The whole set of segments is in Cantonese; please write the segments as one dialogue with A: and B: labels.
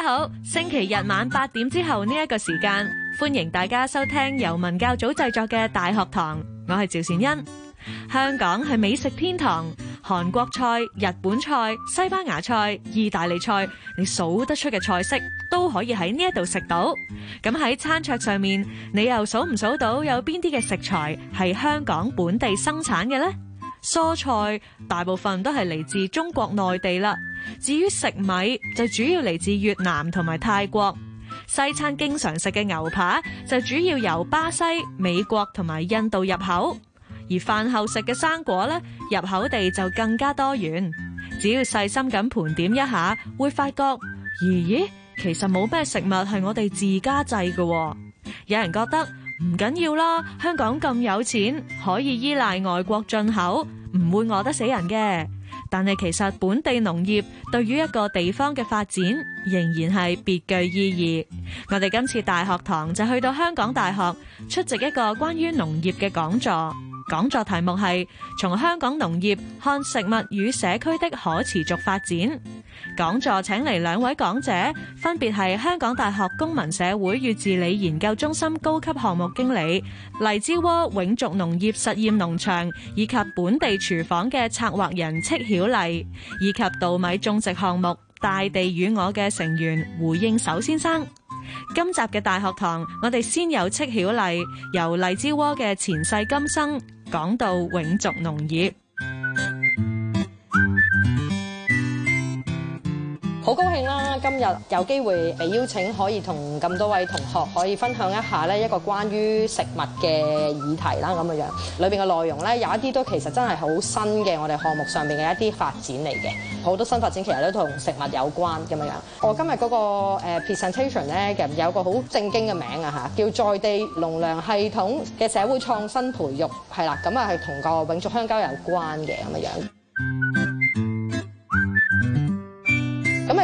A: 大家好，星期日晚八點之後呢一個時間，歡迎大家收聽由文教組製作嘅《大學堂》，我係趙善恩。香港係美食天堂，韓國菜、日本菜、西班牙菜、意大利菜，你數得出嘅菜式都可以喺呢一度食到。咁喺餐桌上面，你又數唔數到有邊啲嘅食材係香港本地生產嘅呢？蔬菜大部分都係嚟自中國內地啦。至於食米就主要嚟自越南同埋泰國，西餐經常食嘅牛扒就主要由巴西、美國同埋印度入口，而飯後食嘅生果呢，入口地就更加多元。只要細心咁盤點一下，會發覺咦、咦，其實冇咩食物係我哋自家製嘅。有人覺得唔緊要啦，香港咁有錢，可以依賴外國進口，唔會餓得死人嘅。但係其實本地農業對於一個地方嘅發展仍然係別具意義。我哋今次大學堂就去到香港大學出席一個關於農業嘅講座，講座題目係《從香港農業看食物與社區的可持續發展》。講座請嚟兩位講者，分別係香港大學公民社會與治理研究中心高級項目經理、荔枝窩永續農業實驗農場以及本地廚房嘅策劃人戚曉麗，以及稻米種植項目大地與我嘅成員胡應守先生。今集嘅大學堂，我哋先有戚曉麗由荔枝窩嘅前世今生講到永續農業。
B: 好高興啦！今日有機會被邀請，可以同咁多位同學可以分享一下呢一個關於食物嘅議題啦咁嘅樣。裏邊嘅內容呢，有一啲都其實真係好新嘅，我哋項目上面嘅一啲發展嚟嘅。好多新發展其實都同食物有關咁嘅樣。我今日嗰個 presentation 呢，其實有個好正經嘅名啊嚇，叫在地農糧系統嘅社會創新培育係啦。咁啊係同個永續香蕉有關嘅咁嘅樣。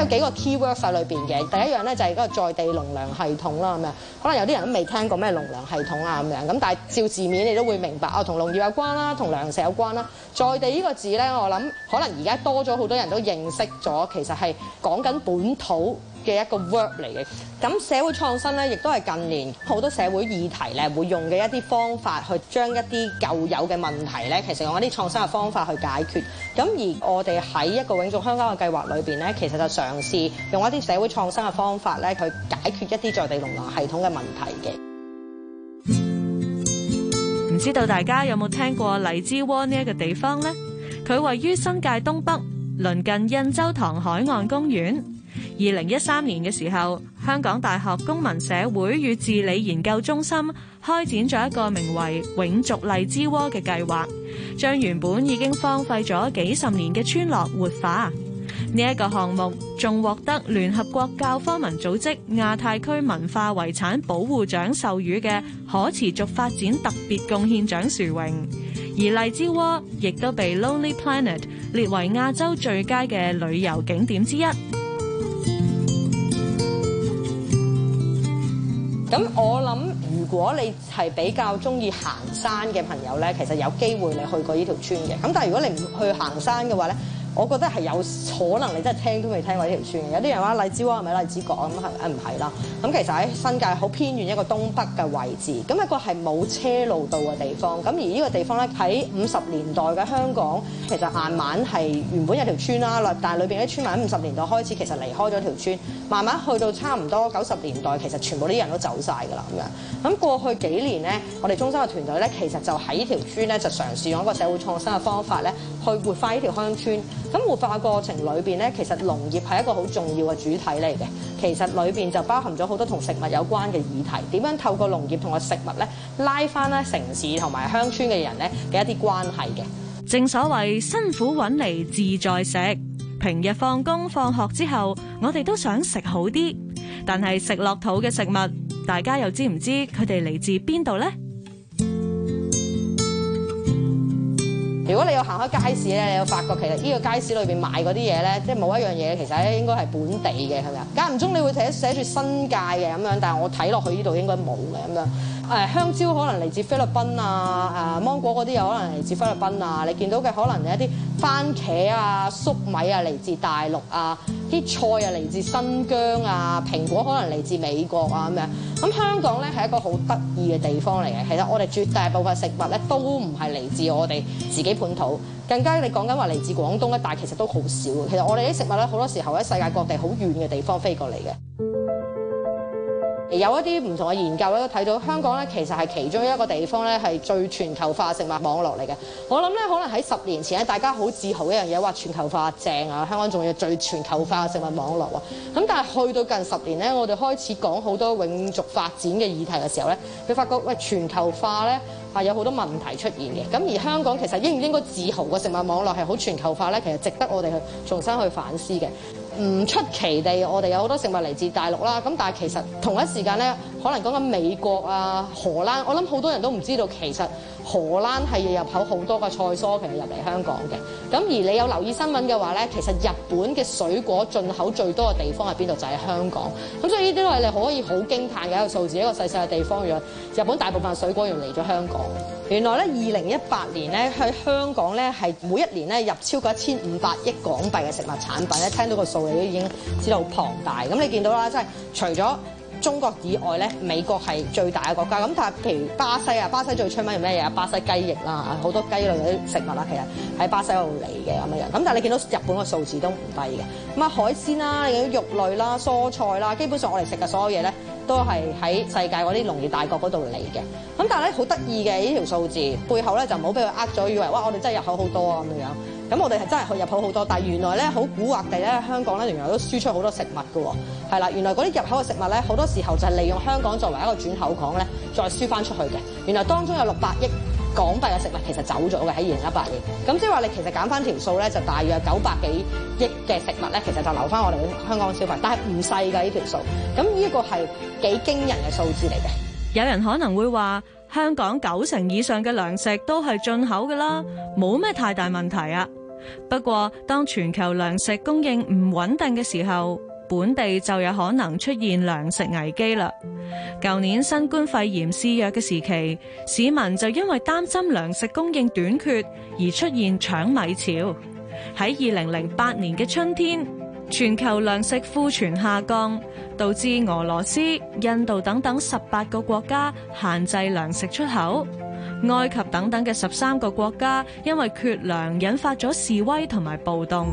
B: 幾個 keyword 曬裏邊嘅，第一樣咧就係、是，嗰個在地農糧系統啦咁樣，可能有啲人都未聽過咩農糧系統啊咁樣，咁但係照字面你都會明白啊，同、哦、農業有關啦，同糧食有關啦，在地呢個字咧，我諗可能而家多咗好多人都認識咗，其實係講緊本土嘅一個 work 嚟嘅。咁社會創新咧，亦都係近年好多社會議題咧，會用嘅一啲方法去將一啲舊有嘅問題咧，其實用一啲創新嘅方法去解決，咁而我哋喺一個永續香港嘅計劃裏邊咧，其實就嘗試用一啲社會創新嘅方法咧，去解決一啲在
A: 地農林系統嘅問題嘅。唔知道大家有冇聽過荔枝窩呢一個地方咧？佢位於新界東北，鄰近印洲塘海岸公園。二零一三年嘅時候，香港大學公民社會與治理研究中心開展咗一個名為《永續荔枝窩》嘅計劃，將原本已經荒廢咗幾十年嘅村落活化。呢一個項目仲獲得聯合國教科文組織亞太區文化遺產保護獎授予嘅可持續發展特別貢獻獎殊榮，而荔枝窩亦都被 Lonely Planet 列為亞洲最佳嘅旅遊景點之一。
B: 咁我諗，如果你係比較中意行山嘅朋友咧，其實有機會你去過呢條村嘅。咁但係如果你唔去行山嘅話咧，我覺得係有可能你真係聽都未聽過呢條村嘅，有啲人話荔枝窩係咪荔枝角啊？咁係啊，唔係啦。咁其實喺新界好偏遠一個東北嘅位置，咁一個係冇車路到嘅地方。咁而呢個地方咧，喺五十年代嘅香港，其實晏晚係原本有條村啦，但係裏邊啲村民喺五十年代開始其實離開咗條村，慢慢去到差唔多九十年代，其實全部啲人都走晒㗎啦咁樣。咁過去幾年咧，我哋中心嘅團隊咧，其實就喺呢條村咧，就嘗試用一個社會創新嘅方法咧。去活化呢條鄉村，咁活化過程裏邊咧，其實農業係一個好重要嘅主體嚟嘅。其實裏邊就包含咗好多同食物有關嘅議題。點樣透過農業同個食物咧，拉翻咧城市同埋鄉村嘅
A: 人咧嘅一啲關係嘅。正所謂辛苦揾嚟自在食，平日放工放學之後，我哋都想食好啲。但係食落肚嘅食物，大家又知唔知佢哋嚟自邊度呢？
B: 如果你有行開街市咧，你有發覺其實呢個街市裏邊賣嗰啲嘢咧，即係冇一樣嘢其實咧應該係本地嘅，係咪啊？間唔中你會睇寫住新界嘅咁樣，但係我睇落去呢度應該冇嘅咁樣。誒香蕉可能嚟自菲律賓啊，誒芒果嗰啲又可能嚟自菲律賓啊。你見到嘅可能係一啲番茄啊、粟米啊嚟自大陸啊。啲菜啊，嚟自新疆啊，蘋果可能嚟自美國啊咁樣。咁香港咧係一個好得意嘅地方嚟嘅。其實我哋絕大部分食物咧都唔係嚟自我哋自己本土，更加你講緊話嚟自廣東咧，但係其實都好少。其實我哋啲食物咧好多時候喺世界各地好遠嘅地方飛過嚟嘅。有一啲唔同嘅研究咧，都睇到香港咧，其實係其中一個地方咧，係最全球化食物網絡嚟嘅。我諗咧，可能喺十年前咧，大家好自豪一樣嘢，話全球化正啊，香港仲有最全球化嘅食物網絡啊。咁但係去到近十年咧，我哋開始講好多永續發展嘅議題嘅時候咧，佢發覺喂，全球化咧啊有好多問題出現嘅。咁而香港其實應唔應該自豪嘅食物網絡係好全球化咧？其實值得我哋去重新去反思嘅。唔出奇地，我哋有好多食物嚟自大陸啦。咁但係其實同一時間咧，可能講緊美國啊、荷蘭，我諗好多人都唔知道，其實荷蘭係要入口好多個菜蔬，其實入嚟香港嘅。咁而你有留意新聞嘅話咧，其實日本嘅水果進口最多嘅地方係邊度？就係香港。咁所以呢啲都係你可以好驚歎嘅一個數字，一個細細嘅地方，用日本大部分水果又嚟咗香港。原來咧，二零一八年咧，喺香港咧係每一年咧入超過一千五百億港幣嘅食物產品咧，聽到個數你都已經知道好龐大。咁你見到啦，即係除咗中國以外咧，美國係最大嘅國家。咁但係譬如巴西啊，巴西最出名係咩嘢啊？巴西雞翼啦，好多雞類嗰啲食物啦，其實喺巴西度嚟嘅咁樣。咁但係你見到日本個數字都唔低嘅。咁啊，海鮮啦，有啲肉類啦、蔬菜啦，基本上我哋食嘅所有嘢咧，都係喺世界嗰啲農業大國嗰度嚟嘅，咁但係咧，好得意嘅呢條數字背後咧，就唔好俾佢呃咗，以為哇我哋真係入口好多啊咁樣樣，咁我哋係真係去入口好多，但係原來咧好古惑地咧，香港咧仍然都輸出好多食物㗎喎，係啦，原來嗰啲入口嘅食物咧，好多時候就係利用香港作為一個轉口港咧再輸翻出去嘅，原來當中有六百億。港幣嘅食物其實走咗嘅喺二零一八年，咁即係話你其實減翻條數咧，就大約九百幾億嘅食物咧，其實就留翻我哋香港消費。但係唔細㗎，呢條數，咁呢一個係幾
A: 驚人嘅數字嚟嘅。有人可能會話香港九成以上嘅糧食都係進口㗎啦，冇咩太大問題啊。不過當全球糧食供應唔穩定嘅時候，本地就有可能出現糧食危機啦。舊年新冠肺炎肆虐嘅時期，市民就因為擔心糧食供應短缺而出現搶米潮。喺二零零八年嘅春天，全球糧食庫存下降，導致俄羅斯、印度等等十八個國家限制糧食出口。埃及等等嘅十三個國家因為缺糧引發咗示威同埋暴動。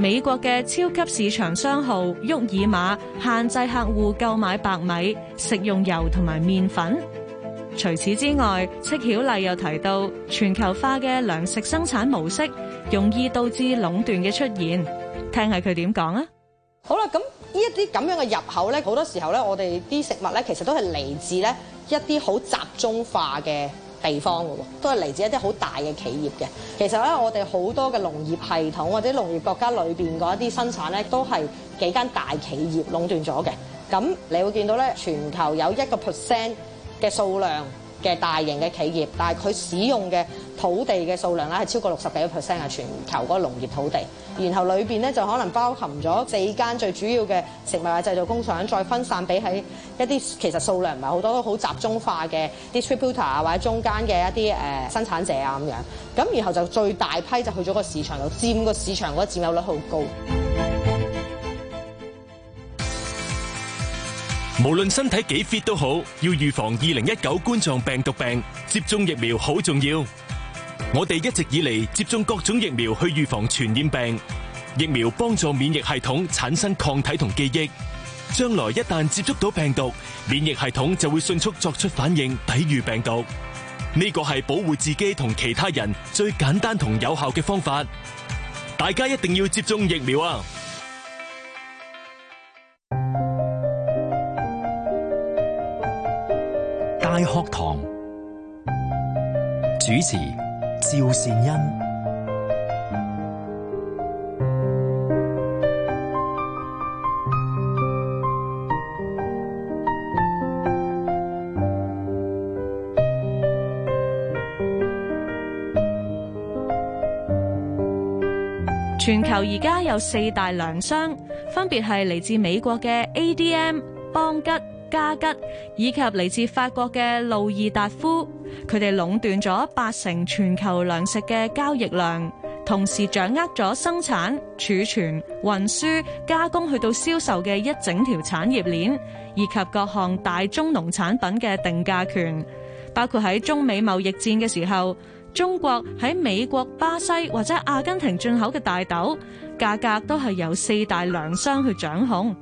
A: 美國嘅超級市場商號沃爾瑪限制客戶購買白米、食用油同埋麵粉。除此之外，戚曉麗又提到，全球化嘅糧食生產模式容易導致壟斷嘅出現。聽下佢點講啊。
B: 好啦，咁呢一啲咁樣嘅入口咧，好多時候咧，我哋啲食物咧，其實都係嚟自咧一啲好集中化嘅。地方嘅都係嚟自一啲好大嘅企業嘅。其實咧，我哋好多嘅農業系統或者農業國家裏邊嗰一啲生產咧，都係幾間大企業壟斷咗嘅。咁你會見到咧，全球有一個 percent 嘅數量。嘅大型嘅企業，但係佢使用嘅土地嘅數量咧係超過六十幾個 percent 嘅全球嗰個農業土地，然後裏邊咧就可能包含咗四間最主要嘅食物或製造工廠，再分散俾喺一啲其實數量唔係好多，都好集中化嘅 distributor 啊，或者中間嘅一啲誒生產者啊咁樣，咁然後就最大批就去咗個市場度，佔個市場嗰佔有率好高。無論身體幾 fit 都好，要預防二零一九冠狀病毒病，接種疫苗好重要。我哋一直以嚟接種各種疫苗去預防傳染病，疫苗幫助免疫系統產生抗體同記憶，將來一旦接觸到病毒，免疫系統就會迅速作出反應，抵禦病毒。呢個係保護自己同其他人最簡單同有效嘅方法，大家一定要接種疫苗啊！喺課堂，主持趙善恩。
A: 全球而家有四大糧商，分別係嚟自美國嘅 ADM、邦吉。嘉吉以及嚟自法國嘅路易達夫，佢哋壟斷咗八成全球糧食嘅交易量，同時掌握咗生產、儲存、運輸、加工去到銷售嘅一整條產業鏈，以及各項大宗農產品嘅定價權。包括喺中美貿易戰嘅時候，中國喺美國、巴西或者阿根廷進口嘅大豆價格都係由四大糧商去掌控。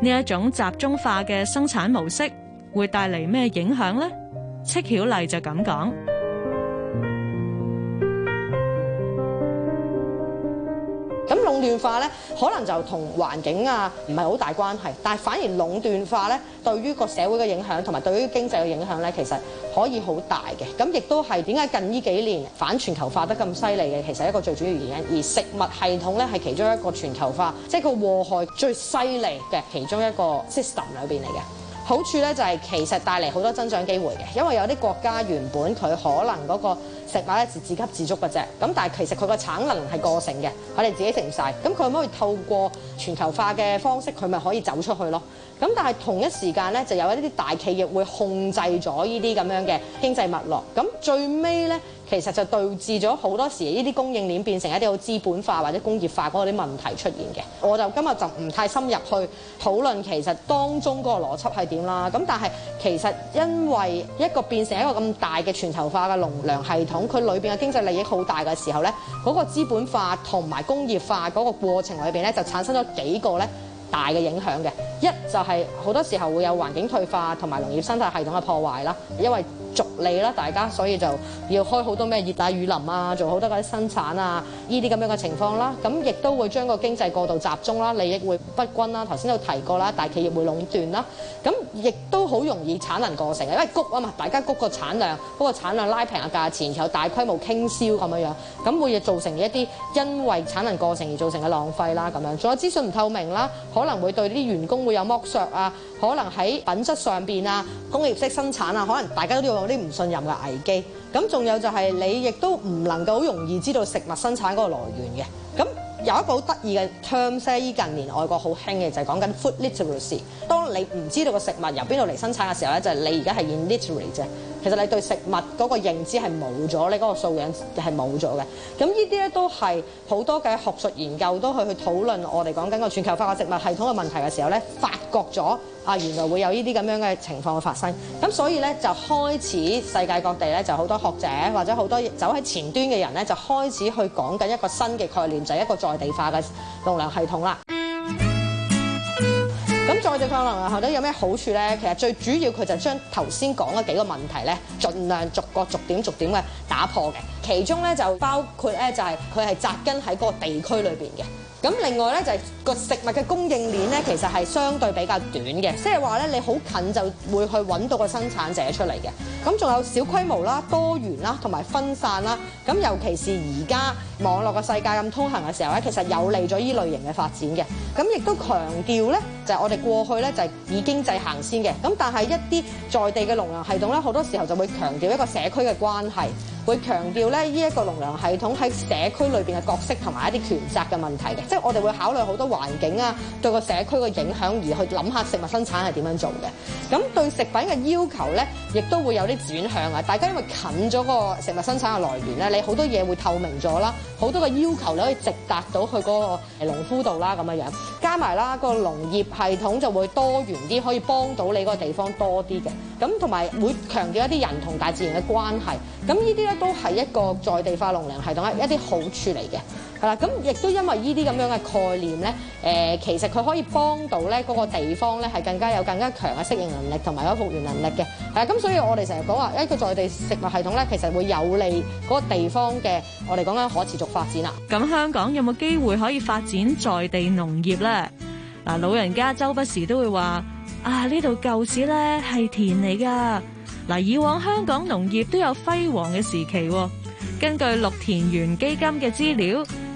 A: 呢一種集中化嘅生產模式會帶嚟咩影響呢？戚曉麗就咁講。轉化
B: 咧，可能就同環境啊唔係好大關係，但係反而壟斷化咧，對於個社會嘅影響同埋對於經濟嘅影響咧，其實可以好大嘅。咁亦都係點解近呢幾年反全球化得咁犀利嘅，其實一個最主要原因。而食物系統咧，係其中一個全球化即係、就是、個禍害最犀利嘅其中一個 system 裏邊嚟嘅。好處咧就係、是、其實帶嚟好多增長機會嘅，因為有啲國家原本佢可能嗰個食物咧係自給自足嘅啫，咁但係其實佢個產能係過剩嘅，佢哋自己食唔晒。咁佢可以透過全球化嘅方式，佢咪可以走出去咯？咁但係同一時間咧，就有一啲大企業會控制咗呢啲咁樣嘅經濟脈絡，咁最尾咧，其實就導致咗好多時呢啲供應鏈變成一啲好資本化或者工業化嗰啲問題出現嘅。我就今日就唔太深入去討論其實當中嗰個邏輯係點啦。咁但係其實因為一個變成一個咁大嘅全球化嘅農糧系統，佢裏邊嘅經濟利益好大嘅時候呢，嗰個資本化同埋工業化嗰個過程裏邊呢，就產生咗幾個呢，大嘅影響嘅一就係、是、好多時候會有環境退化同埋農業生態系統嘅破壞啦，因為逐利啦，大家所以就要開好多咩熱帶雨林啊，做好多嗰啲生產啊，呢啲咁樣嘅情況啦，咁亦都會將個經濟過度集中啦，利益會不均啦。頭先都提過啦，大企業會壟斷啦，咁亦都好容易產能過剩嘅，因為谷啊嘛，大家谷個產量，嗰個產量拉平個價錢，然後大規模傾銷咁樣樣，咁會造成一啲因為產能過剩而造成嘅浪費啦，咁樣仲有資訊唔透明啦。可能會對啲員工會有剝削啊，可能喺品質上邊啊，工業式生產啊，可能大家都都有啲唔信任嘅危機。咁仲有就係你亦都唔能夠好容易知道食物生產嗰個來源嘅。咁有一個好得意嘅 term 咧，依近年外國好興嘅就係講緊 food literacy。當你唔知道個食物由邊度嚟生產嘅時候咧，就係、是、你而家係 in literacy 啫。其實你對食物嗰個認知係冇咗，你嗰個素養係冇咗嘅。咁呢啲咧都係好多嘅學術研究都去去討論我哋講緊個全球化嘅食物系統嘅問題嘅時候咧，發覺咗。啊，原來會有呢啲咁樣嘅情況嘅發生，咁所以咧就開始世界各地咧就好多學者或者好多走喺前端嘅人咧就開始去講緊一個新嘅概念，就係一個在地化嘅農糧系統啦。咁 在地化農糧系統有咩好處咧？其實最主要佢就將頭先講嘅幾個問題咧，盡量逐個逐點逐點嘅打破嘅。其中咧就包括咧就係佢係紮根喺嗰個地區裏邊嘅。咁另外咧就係個食物嘅供應鏈咧，其實係相對比較短嘅，即係話咧你好近就會去揾到個生產者出嚟嘅。咁仲有小規模啦、多元啦同埋分散啦。咁尤其是而家網絡個世界咁通行嘅時候咧，其實有利咗依類型嘅發展嘅。咁亦都強調咧，就係我哋過去咧就係以經濟行先嘅。咁但係一啲在地嘅農業系統咧，好多時候就會強調一個社區嘅關係。會強調咧，呢一個農糧系統喺社區裏邊嘅角色同埋一啲權責嘅問題嘅，即係我哋會考慮好多環境啊，對個社區嘅影響而去諗下食物生產係點樣做嘅。咁對食品嘅要求咧，亦都會有啲轉向啊！大家因為近咗個食物生產嘅來源咧，你好多嘢會透明咗啦，好多嘅要求你可以直達到去嗰個農夫度啦，咁嘅樣。加埋啦，個農業系統就會多元啲，可以幫到你個地方多啲嘅。咁同埋會強調一啲人同大自然嘅關係。咁呢啲咧都係一個在地化農糧系統一啲好處嚟嘅。嗱，咁亦都因為呢啲咁樣嘅概念咧，誒，其實佢可以幫到咧嗰個地方咧，係更加有更加強嘅適應能力同埋嗰復原能力嘅。嗱，咁所以我哋成日講話，一個在地食物系統咧，其實會有利嗰個地方嘅我哋講緊可持續發展啦。
A: 咁香港有冇機會可以發展在地農業咧？嗱，老人家周不時都會話：啊，呢度舊址咧係田嚟㗎。嗱，以往香港農業都有輝煌嘅時期。根據綠田園基金嘅資料。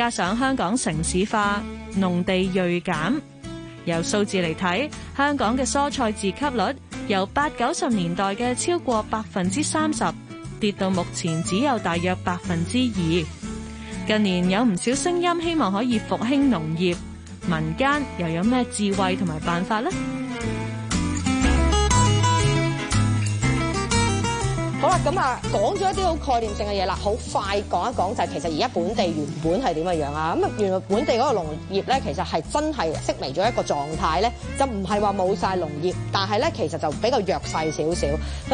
A: 加上香港城市化、農地銳減，由數字嚟睇，香港嘅蔬菜自給率由八九十年代嘅超過百分之三十，跌到目前只有大約百分之二。近年有唔少聲音希望可以復興農業，民間又有咩智慧同埋辦法咧？好啦，咁啊，講咗一啲好概念性嘅嘢啦，好
B: 快講一講就係其實而家本地原本係點嘅樣啊？咁啊，原來本地嗰個農業咧，其實係真係式微咗一個狀態咧，就唔係話冇晒農業，但係咧其實就比較弱勢少少。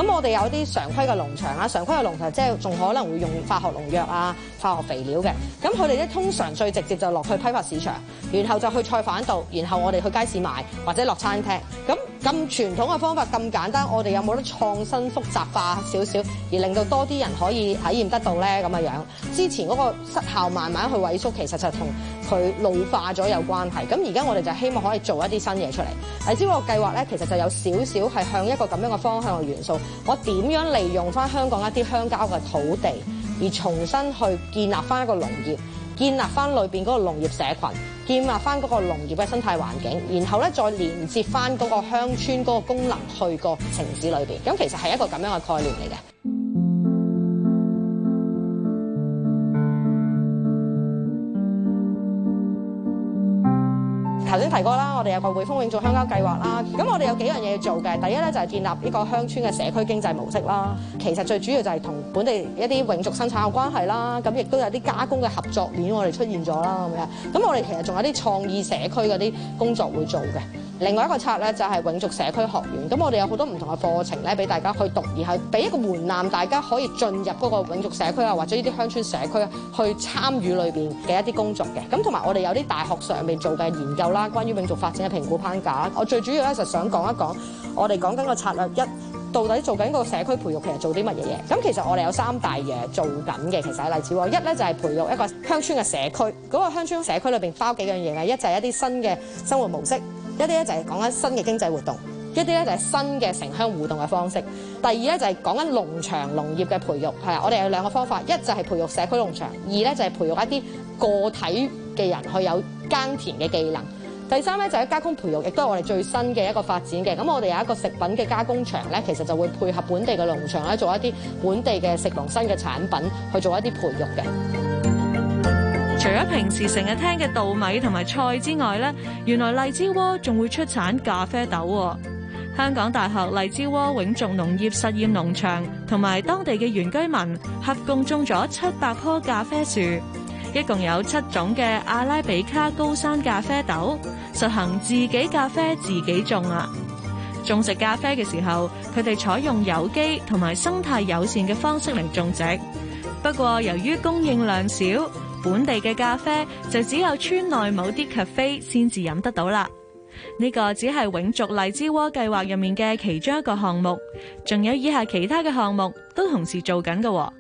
B: 咁我哋有啲常規嘅農場啊，常規嘅農場即係仲可能會用化學農藥啊、化學肥料嘅。咁佢哋咧通常最直接就落去批發市場，然後就去菜販度，然後我哋去街市買或者落餐廳咁。咁傳統嘅方法咁簡單，我哋有冇得創新複雜化少少，而令到多啲人可以體驗得到呢？咁樣？之前嗰個失效慢慢去萎縮，其實就同佢老化咗有關係。咁而家我哋就希望可以做一啲新嘢出嚟。喺呢個計劃咧，其實就有少少係向一個咁樣嘅方向嘅元素。我點樣利用翻香港一啲鄉郊嘅土地，而重新去建立翻一個農業，建立翻裏邊嗰個農業社群。建立返嗰個農業嘅生態環境，然後呢再連接返嗰個鄉村嗰個功能去個城市裏面。咁其實係一個咁樣嘅概念嚟嘅。頭先提過啦，我哋有個匯豐永續鄉郊計劃啦。咁我哋有幾樣嘢要做嘅。第一咧就係、是、建立呢個鄉村嘅社區經濟模式啦。其實最主要就係同本地一啲永續生產有關係啦。咁亦都有啲加工嘅合作鏈我哋出現咗啦，咁樣。咁我哋其實仲有啲創意社區嗰啲工作會做嘅。另外一個策略咧就係永續社區學院。咁，我哋有好多唔同嘅課程咧，俾大家去讀，而係俾一個門檻，大家可以進入嗰個永續社區啊，或者呢啲鄉村社區去參與裏邊嘅一啲工作嘅。咁同埋我哋有啲大學上面做嘅研究啦，關於永續發展嘅評估框架。我最主要咧就想講一講我哋講緊個策略，一，到底做緊個社區培育其實做啲乜嘢嘢？咁其實我哋有三大嘢做緊嘅，其實係例子喎。一咧就係、是、培育一個鄉村嘅社區，嗰、那個鄉村社區裏邊包幾樣嘢嘅，一就係、是、一啲新嘅生活模式。一啲咧就係講緊新嘅經濟活動，一啲咧就係新嘅城鄉互動嘅方式。第二咧就係講緊農場農業嘅培育，係啊，我哋有兩個方法，一就係培育社區農場，二咧就係培育一啲個體嘅人去有耕田嘅技能。第三咧就係加工培育，亦都係我哋最新嘅一個發展嘅。咁我哋有一個食品嘅加工場咧，其實就會配合本地嘅農場咧，做一啲本地嘅食農新嘅產品，去做一啲培育嘅。
A: 除咗平時成日聽嘅稻米同埋菜之外咧，原來荔枝窩仲會出產咖啡豆。香港大學荔枝窩永續農業實驗農場同埋當地嘅原居民合共種咗七百棵咖啡樹，一共有七種嘅阿拉比卡高山咖啡豆，實行自己咖啡自己種啊。種植咖啡嘅時候，佢哋採用有機同埋生態友善嘅方式嚟種植。不過由於供應量少，本地嘅咖啡就只有村內某啲咖啡先至飲得到啦。呢、這個只係永續荔枝窩計劃入面嘅其中一個項目，仲有以下其他嘅項目都同時做緊嘅。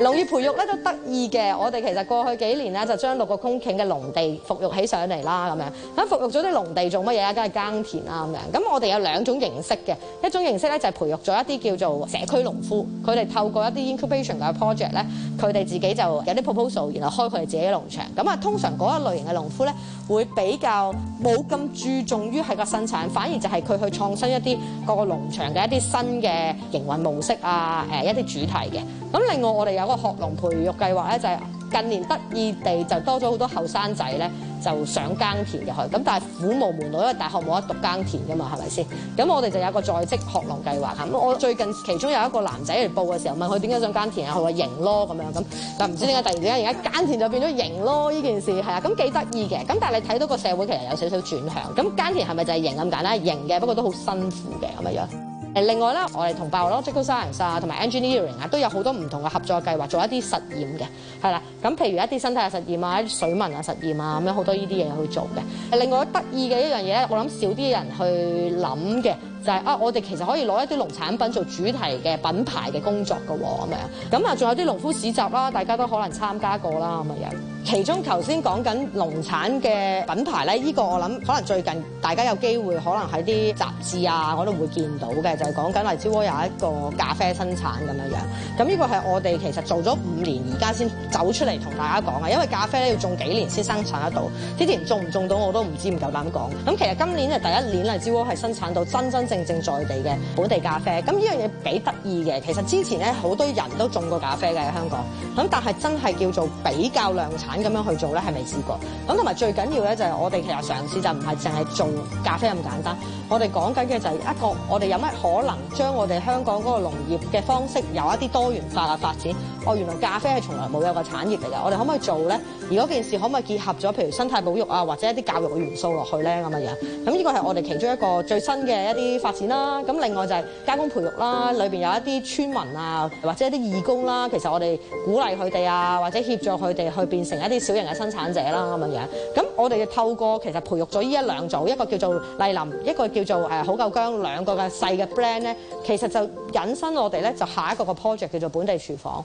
B: 農業培育咧都得意嘅，我哋其實過去幾年咧就將六個公頃嘅農地復育起上嚟啦，咁樣喺復育咗啲農地做乜嘢啊？梗係耕田啊。咁樣。咁我哋有兩種形式嘅，一種形式咧就係培育咗一啲叫做社區農夫，佢哋透過一啲 incubation 嘅 project 咧，佢哋自己就有啲 proposal，然後開佢哋自己嘅農場。咁啊，通常嗰一類型嘅農夫咧會比較冇咁注重於係個生產，反而就係佢去創新一啲個個農場嘅一啲新嘅營運模式啊，誒一啲主題嘅。咁另外我哋有。嗰個學農培育計劃咧，就係、是、近年得意地就多咗好多後生仔咧，就想耕田嘅。咁但係苦無門路，因為大學冇得讀耕田㗎嘛，係咪先？咁我哋就有個在職學農計劃吓。咁我最近其中有一個男仔嚟報嘅時候，問佢點解想耕田啊？佢話型咯咁樣咁。但唔知點解突然之間而家耕田就變咗型咯？呢件事係啊，咁幾得意嘅。咁但係你睇到個社會其實有少少轉向。咁耕田係咪就係型咁簡單型嘅？不過都好辛苦嘅，係咪啊？誒另外啦，我哋同 biological science 啊，同埋 engineering 啊，都有好多唔同嘅合作計劃，做一啲實驗嘅，係啦。咁譬如一啲生態嘅實驗啊，一啲水文啊實驗啊，咁樣好多呢啲嘢去做嘅。另外得意嘅一樣嘢咧，我諗少啲人去諗嘅，就係、係、啊，我哋其實可以攞一啲農產品做主題嘅品牌嘅工作嘅喎，咁樣。咁、嗯、啊，仲有啲農夫市集啦，大家都可能參加過啦，咁啊有。其中頭先講緊農產嘅品牌咧，呢、呢個我諗可能最近大家有機會可能喺啲雜誌啊，我都會見到嘅，就係講緊荔枝窩有一個咖啡生產咁樣樣。咁呢個係我哋其實做咗五年，而家先走出嚟同大家講嘅，因為咖啡咧要種幾年先生產得到。之前種唔種到我都唔知，唔夠膽講。咁其實今年係第一年，荔枝窩係生產到真真正正在地嘅本地咖啡。咁呢樣嘢幾得意嘅，其實之前咧好多人都種過咖啡嘅喺香港。咁但係真係叫做比較量產。咁樣去做咧，係未試過？咁同埋最緊要咧，就係我哋其實嘗試就唔係淨係做咖啡咁簡單。我哋講緊嘅就係一個，我哋有乜可能將我哋香港嗰個農業嘅方式有一啲多元化嘅發展。哦，原來咖啡係從來冇有個產業嚟嘅。我哋可唔可以做咧？而嗰件事可唔可以結合咗，譬如生態保育啊，或者一啲教育嘅元素落去咧咁樣樣？咁呢個係我哋其中一個最新嘅一啲發展啦、啊。咁另外就係加工培育啦、啊，裏邊有一啲村民啊，或者一啲義工啦、啊。其實我哋鼓勵佢哋啊，或者協助佢哋去變成一啲小型嘅生產者啦、啊，咁樣樣。咁我哋就透過其實培育咗呢一兩組，一個叫做麗林，一個叫做誒好夠薑兩個嘅細嘅 brand 咧，其實就引申我哋咧就下一個嘅 project 叫做本地廚房。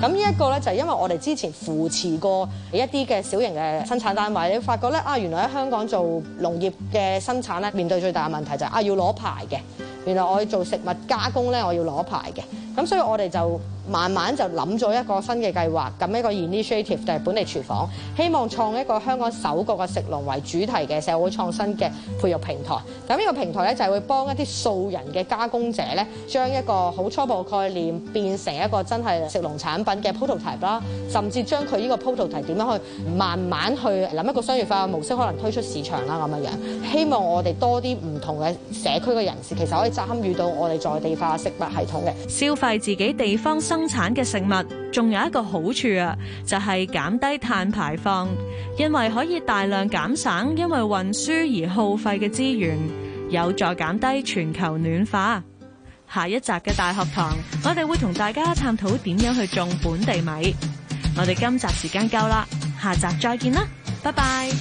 B: 咁呢一個咧就係因為我哋之前扶持過一啲嘅小型嘅生產單位，你發覺咧啊，原來喺香港做農業嘅生產咧，面對最大嘅問題就係啊要攞牌嘅。原來我要做食物加工咧，我要攞牌嘅。咁所以我哋就，慢慢就諗咗一個新嘅計劃，咁一個 initiative 就係本地廚房，希望創一個香港首個嘅食農為主題嘅社會創新嘅培育平台。咁呢個平台咧就係會幫一啲素人嘅加工者咧，將一個好初步概念變成一個真係食農產品嘅 prototype 啦，甚至將佢呢個 prototype 點樣去慢慢去諗一個商業化嘅模式，可能推出市場啦咁樣樣。希望我哋多啲唔同嘅社區嘅人士，其實
A: 可以參與到我哋在地化食物系統嘅消費自己地方生生產嘅食物，仲有一個好處啊，就係減低碳排放，因為可以大量減省因為運輸而耗費嘅資源，有助減低全球暖化。下一集嘅大學堂，我哋會同大家探討點樣去種本地米。我哋今集時間夠啦，下集再見啦，拜拜。